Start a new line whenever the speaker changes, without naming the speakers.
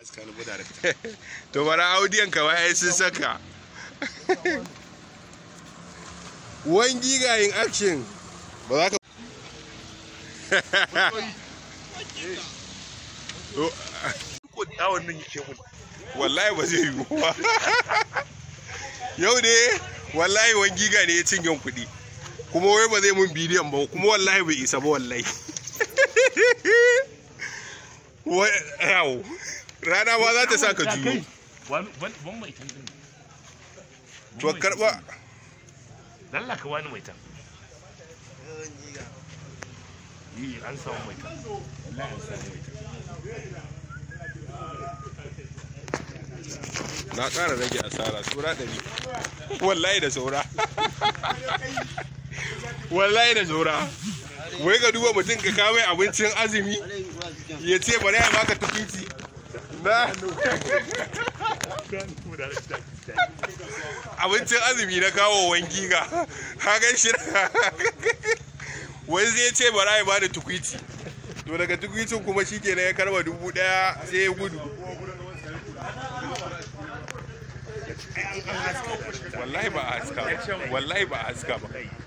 to bara audiyan ka wai sun saka wan giga in action ba za ka yake wallahi ba zai yiwu ba yau ne wallahi wan giga ne ya cinye kuɗi kuma wai ba zai mun bidiyon ba kuma wallahi bai isa ba wallahi yawo rana ba za ta sa ka juyo na ƙara rage asara tura ɗari wallahi da saura wallahi da saura wai ga duba mutum ka kawai abincin azumi ya ce bari ya baka tukuti abincin azumi na kawo wanki ga hagan shi Wani zai ce bara ya bada tukwici to daga tukwicin kuma shi kenan ya karba dubu daya sai ya gudu wallahi ba a haska ba wallahi ba a haska ba